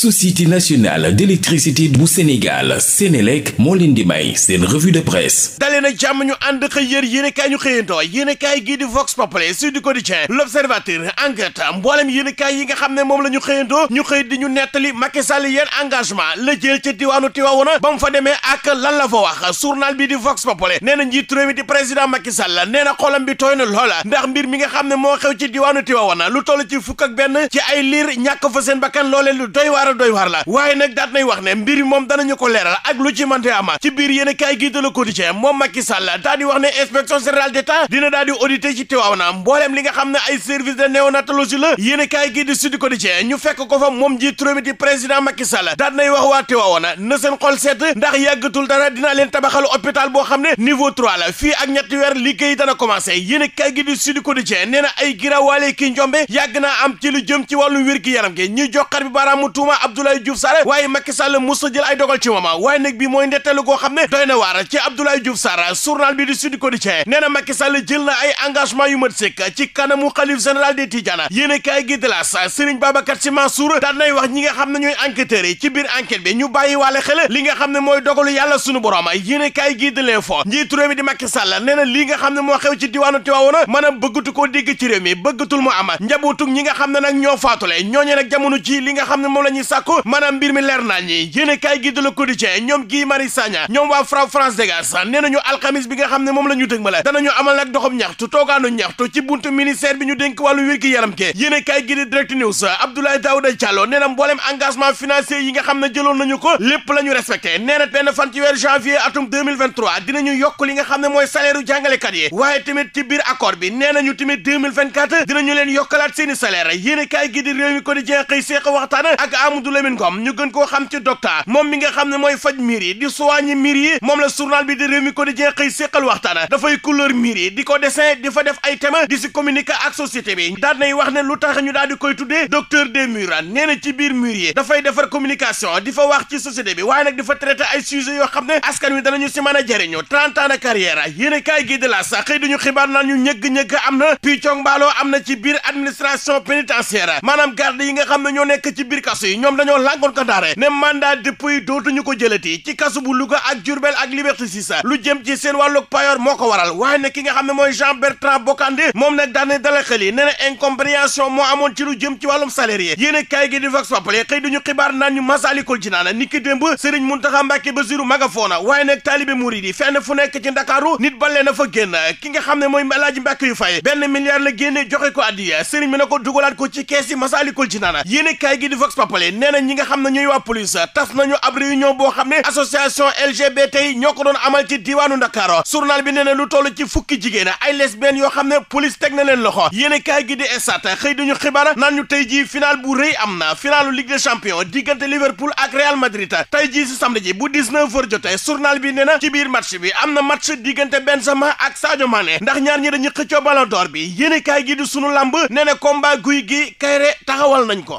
société nationale d'électricité bu Sénégal Sénélec moo leen di may seen revue de presse dalee na jàmm ñu ànd xëy yër yéenekaay ñu xëyantoo yéenekaay gii di Vox Populi Sud Quotidien L'Observateur Enquête mboolem yéenekaay yi nga xam ne moom la ñu xëyantoo ñu xëy di ñu nettali Macky Sall yéen engagement la jël ca diwaanu Tivaouane ba mu fa demee ak lan la fa wax journal bi di Vox Populi nee na njiitu mi di président Macky Sall nee na xolam bi tooy na loola ndax mbir mi nga xam ne moo xew ci diwaanu Tivaouane lu toll ci fukk ak benn ci ay liir daal doy waar la waaye nag daat nay wax ne mbir moom danañu ko leeral ak lu ci mante ama ci biir yéen kaay gi de Le Quotidien moom Macky Sall daal wax ne inspection générale d'État dina daal di auditer ci Tivaouane mbooleem li nga xam ne ay service de néonatologie la yéen kaay gi di Sud Quotidien ñu fekk ko moom ji turóomi di président Macky Sall nay wax waa Tivaouane na seen xol sedd ndax yàggatul dara dinaa leen tabaxal hôpital boo xam ne niveau 3 la fii ak ñetti weer liggéey dana commencé yéen Abdoulaye Diouf Sarr waaye Macky Sall mos a jël ay dogal ci mama ah waaye nag bi mooy ndetteelu goo xam ne doy na waar ci Abdoulaye Diouf Sarr journal bi di Sud Quotidien nee na Macky Sall jël na ay engagement yu mat sëkk ci kanamu xalif général des Tidianes yéen a kaay gi de la Serigne Babacar Sy Mansour wax ñi nga xam ne ñooy enquêteurs ci biir enquête bi ñu bàyyi waale xel li nga xam ne mooy dogalu yàlla sunu borom yéen a kaay gi de l'info njiitu réew mi di li nga xam ne moo xew ci diwaanu Tivaouane maanaam bëggatu koo dégg ci réew mi ñi nga xam ne nag ñoo faatule ñooñee li nga xam ne moom la sàkku maanaam mbir mi leer naa ñi yéen a kaay gi de Le Quotidien ñoom Guy Marius Sagna ñoom waa FRAPP France Dégage nee nañu alxamis bi nga xam ne moom la ñu dëg ma la danañu amal nag doxam ñaxtu toogaanu ñaxtu ci buntu ministère bi ñu dénk wàllu wér yaram ke yéen a kaay gi de Direct News Abdoulaye Daouda Diallo nee na mbooleem engagement financier yi nga xam ne jëloon nañu ko lépp lañu ñu respecté nee na benn fan ci weer janvier atum 2023 yokk li nga xam ne mooy salaire u jàngalekat waaye tamit ci biir bi nee nañu tamit 2024 dinañu leen yokkalaat seeni salaire yéen a kaay gi di réew am Mamadou Lamine Ngom ñu gën koo xam ci docteur moom mi nga xam ne mooy faj miir yi di soigner miir yi moom la journal bi di Rewmi Quotidien xëy séqal waxtaan dafay couleur miir yi di ko dessin di fa def ay thème di si communiquer ak société bi daal nay wax ne lu tax ñu daal di koy tuddee docteur des murs nee na ci biir murs yi dafay defar communication di fa wax ci société bi waaye nag di fa traiter ay sujets yoo xam ne askan wi danañu si mën a jëriñu ñu ñëgg ñoom dañoo lànkoon ko daare ne mandat dépôt yi dootuñu ko jëlati ci kasu bu Louga ak Diourbel ak Liberté 6 lu jëm ci seen wàllu payoor moo ko waral waaye nag ki nga xam ne mooy Jean Bertrand Bocandé moom nag daane dala xel yi nee na incompréhension moo amoon ci lu jëm ci wàllum salarié yéen a kaay gi di Vox Populi xëy duñu xibaar naan ñu Masaalikul Jinaan niki démb Serigne Mountakha Mbacké Bassirou ma nga foona waaye fu nekk ci Ndakaaru nit balee na fa ki nga xam ne mooy Alaaji Mbàkke yu fay benn milliard la génne ko addiya Serigne ko ci kees yi Masaalikul Jinaan yéen a kaay gi di Vox yéenekaay nee na ñi nga xam ne ñuy waa police tas nañu ab réunion boo xam ne association LGBT yi ñoo ko doon amal ci diwaanu Ndakaaru journal bi nee na lu toll ci fukki jigéen ay lesbiennes yoo xam ne police teg na leen loxo yéenekaay gi di Stades xëy dañu xibaar naan ñu tey jii final bu rëy am na finalu Ligue des champions diggante Liverpool ak Real Madrid tey ji si samedi ji bu 19h jotee journal bi nee na ci biir match bi am na match diggante Benzema ak Sadio Mané ndax ñaar ñi dañuy xëccoo ballon d'or bi yéenekaay gi di sunu lamb nee na combat guy gi kayre taxawal nañ ko